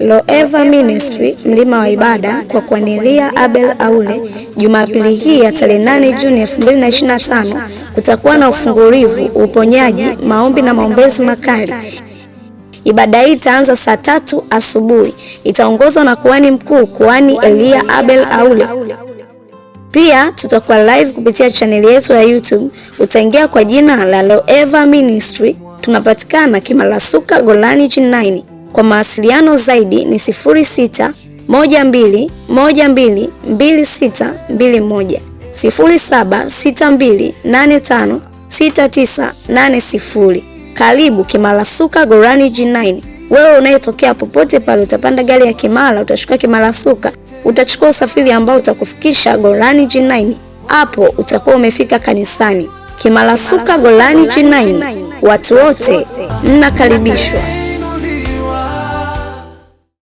Loeva Ministry mlima wa ibada kwa kuanilia Abel Aule. Jumapili hii ya tarehe 8 Juni 2025 kutakuwa na ufungulivu, uponyaji, maombi na maombezi makali. Ibada hii itaanza saa tatu asubuhi, itaongozwa na kuhani mkuu kuhani Elia Abel Aule. Pia tutakuwa live kupitia chaneli yetu ya YouTube, utaingia kwa jina la Loeva Ministry. Tunapatikana Kimalasuka Golani G9. Kwa mawasiliano zaidi ni nane sifuri. Karibu Kimara Suka Gorani G9. Wewe unayetokea popote pale, utapanda gari ya Kimara, utashuka Kimara Suka, utachukua usafiri ambao utakufikisha Gorani G9. Hapo utakuwa umefika kanisani. Kimara Suka Gorani G9, watu wote mnakaribishwa.